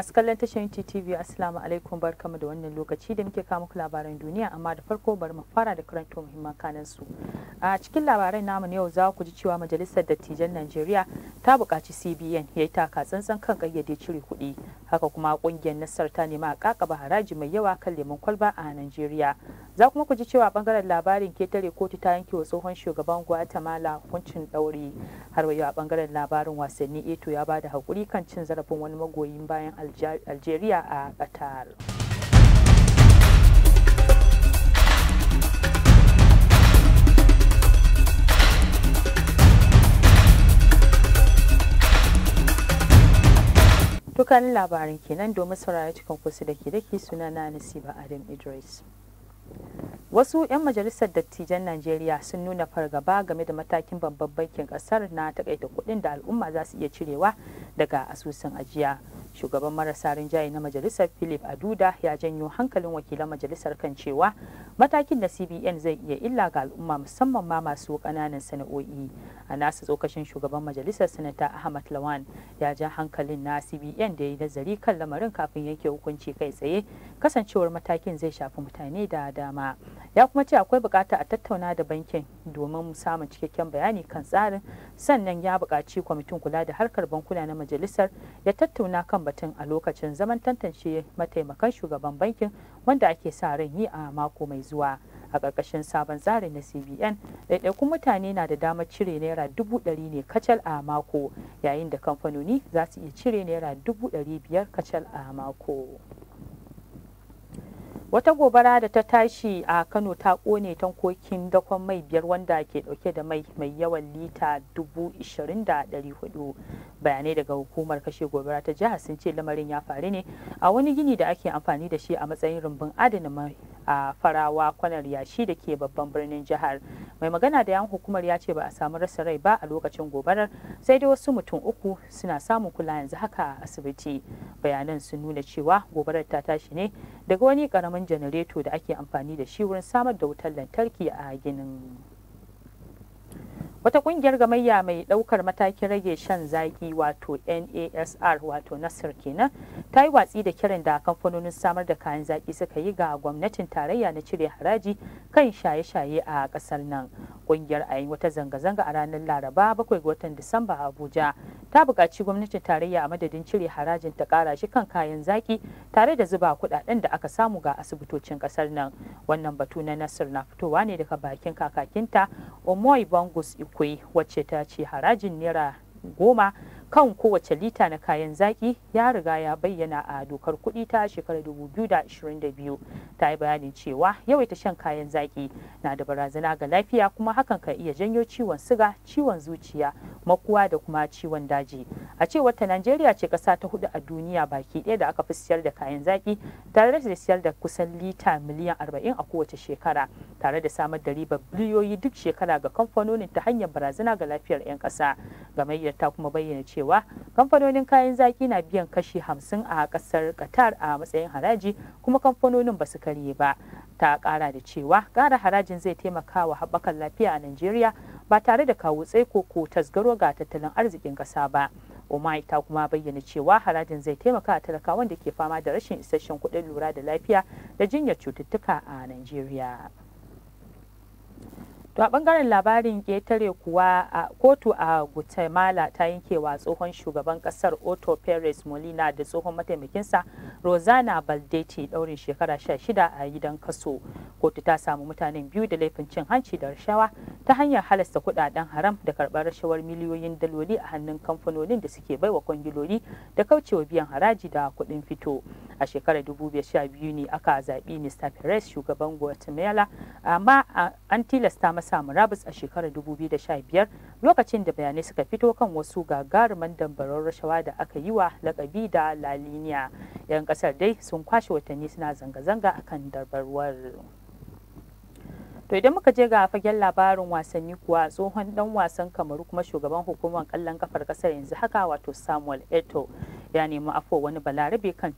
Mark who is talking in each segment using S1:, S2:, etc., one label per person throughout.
S1: masu kallon tashar TV Assalamu alaikum barkamu da wannan lokaci da muke kawo labaran duniya amma da farko bari mu fara da karanto muhimman kanan su. A cikin labaran namu yau za ku ji cewa Majalisar Dattijan Najeriya ta bukaci CBN ya yi taka tsantsan kan kayyade cire kuɗi haka kuma kungiyar nasar ta nema a kakaba haraji mai yawa kan lemun kwalba a najeriya za kuma ku ji cewa bangaren labarin ketare kotu ta yanke wa tsohon shugaban guatemala hukuncin ɗauri har yau a bangaren labarin wasanni eto ya bada hakuri kan cin zarafin wani magoyin bayan algeria a qatar dukkanin labarin kenan domin saurari cikin kusa da ke da ke suna na nasiba adam idris wasu 'yan majalisar dattijan najeriya sun nuna fargaba game da matakin babban bankin kasar na takaita kudin da al'umma za su iya cirewa daga asusun ajiya shugaban marasa rinjaye na majalisar philip aduda ya janyo hankalin wakilan majalisar kan cewa matakin da cbn zai iya illa ga al'umma musamman ma masu kananan sana'o'i a nasu tsokacin shugaban majalisar sanata ahmad lawan ya ja hankalin na cbn da ya yi nazari kan lamarin kafin yanke hukunci kai tsaye kasancewar matakin zai shafi mutane da dama ya kuma ce akwai bukata a tattauna da bankin domin samun cikakken bayani kan tsarin sannan ya bukaci kwamitin kula da harkar bankuna na majalisar ya tattauna kan batun a lokacin zaman tantance mataimakan shugaban bankin wanda ake sa ran yi a mako mai zuwa a ƙarƙashin sabon tsarin na cbn ɗaiɗaikun mutane na da damar cire naira dubu ɗari ne kacal a mako yayin da kamfanoni za su iya cire naira dubu ɗari biyar kacal a mako. wata gobara da ta tashi a kano ta kone tankokin dakon mai biyar wanda ke dauke da mai mai yawan lita dubu ishirin da dari hudu bayanai daga hukumar kashe gobara ta jihar sun ce lamarin ya faru ne a wani gini da ake amfani da shi a matsayin rumbun adana a farawa kwanar yashi da ke babban birnin jihar mai magana da yan hukumar ya ce ba a samu rasa rai ba a lokacin gobarar sai dai wasu mutum uku suna samun kula yanzu haka a asibiti bayanan sun nuna cewa gobarar ta tashi ne daga wani karamin janareto da ake amfani da shi wurin samar da wutar lantarki a ginin wata kungiyar gamayya mai daukar matakin rage shan zaki wato nasr wato nasir kenan ta yi watsi da kiran da kamfanonin samar da kayan zaki suka yi ga gwamnatin tarayya na cire haraji kan shaye-shaye a kasar nan kungiyar a wata zanga-zanga a ranar laraba bakwai ga watan disamba a abuja ta buƙaci gwamnatin tarayya a madadin cire harajin ta kara shi kan kayan zaki tare da zuba kuɗaɗen da aka samu ga asibitocin ƙasar nan wannan batu na nasir na fitowa ne daga bakin kakakinta omoy bangus ikwe wacce ta ce harajin naira goma kan kowace lita na kayan zaki ya riga ya bayyana a dokar kuɗi ta shekarar 2022 ta yi bayanin cewa yawaita shan kayan zaki na da barazana ga lafiya kuma hakan kan iya janyo ciwon siga ciwon zuciya makuwa da kuma ciwon daji a cewar ta najeriya ce kasa ta hudu a duniya baki ɗaya da aka fi siyar da kayan zaki tare da siyar da kusan lita miliyan 40 a kowace shekara tare da samar da ribar biliyoyi duk shekara ga kamfanonin ta hanyar barazana ga lafiyar 'yan ƙasa gamayyar ta kuma bayyana cewa cewa kamfanonin kayan zaki na biyan kashi hamsin a kasar qatar a matsayin haraji kuma kamfanonin ba su karye ba ta kara da cewa kara harajin zai taimaka wa haɓakar lafiya a najeriya ba tare da kawo tsaiko ko tasgaro ga tattalin arzikin ƙasa ba umai ta kuma bayyana cewa harajin zai taimaka a talakawan da ke fama da rashin isasshen kuɗin lura da lafiya da jinyar cututtuka a Najeriya. To a bangaren labarin ƙetare kuwa a kotu a Guatemala ta yankewa tsohon shugaban kasar Otto Perez Molina da tsohon mataimakinsa Rosana baldetti ɗaurin shekara 16 a gidan kaso. Kotu ta samu mutanen biyu da laifin cin hanci da rashawa ta hanyar halasta kudaden haram da karɓar rashawar miliyoyin daloli a hannun kamfanonin da suke baiwa kwangiloli da kaucewa biyan haraji da kuɗin fito. a shekarar 2012 ne aka zaɓi mr perez shugaban guatemala amma an tilasta masa murabus a shekarar 2015 lokacin da bayanai suka fito kan wasu gagaruman dambarar rashawa da aka yi wa lakabi da laliniya 'yan kasar dai sun kwashe watanni suna zanga-zanga akan darbarwar. To idan muka je ga fagen labarin wasanni kuwa tsohon dan wasan kamaru kuma shugaban hukumar kallon kafar kasar yanzu haka wato Samuel Eto ya nemi afo wani balarabe kan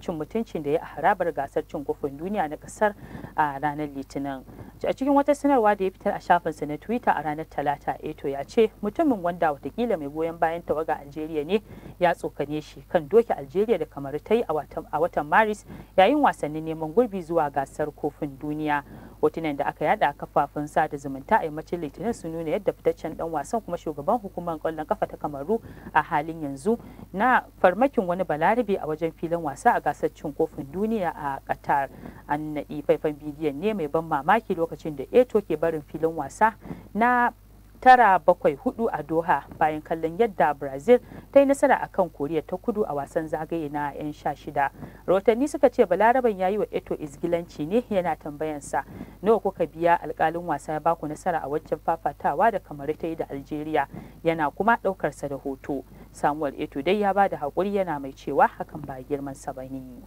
S1: cin mutuncin da ya a harabar gasar cin kofin duniya na kasar a ranar litinin a cikin wata sanarwa da ya fitar a shafinsa na twitter a ranar talata eto ya ce mutumin wanda watakila mai goyon bayan tawaga algeria ne ya tsokane shi kan doki algeria da kamar ta yi a watan maris yayin wasannin neman gurbi zuwa gasar kofin duniya hotunan da aka yada a kafafen sada zumunta a yammacin litinin su nuna yadda fitaccen dan wasan kuma shugaban hukumar kwallon kafa ta kamaru a halin yanzu na farmakin wani balarabe a wajen filin wasa a gasar cin kofin duniya a qatar an naɗi faifan bidiyon ne mai ban mamaki lokacin da eto ke barin filin wasa na tara bakwai hudu a doha bayan kallon yadda brazil ta yi nasara kan koriya ta kudu a wasan zagaye na 'yan sha shida rahotanni suka ce balaraban ya yi wa eto izgilanci ne yana tambayansa nawa kuka biya alkalin wasa ya baku nasara a waccan fafatawa da kamar ta yi da algeria yana kuma ɗaukarsa da hoto samuel eto dai ya ba da haƙuri yana mai cewa hakan ba girman sa ne.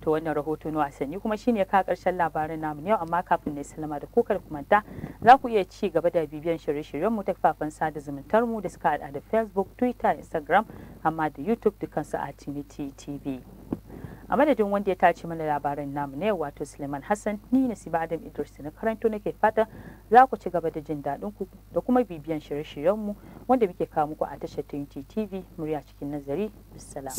S1: to wannan rahoto na wasanni kuma shine ka karshen labarin namu yau amma kafin ne salama da kokar kumanta za ku iya ci gaba da bibiyan shirye-shiryen mu ta kafafen sada zumuntar mu da suka hada da Facebook Twitter Instagram amma da YouTube dukansu a Timiti TV a madadin wanda ya tace mana labaran namu ne wato Suleiman Hassan ni Nasiba Adam Idris na karanto nake fata za ku ci gaba da jin daɗin ku da kuma bibiyan shirye-shiryen mu wanda muke kawo muku a tashar Tinti TV murya cikin nazari assalamu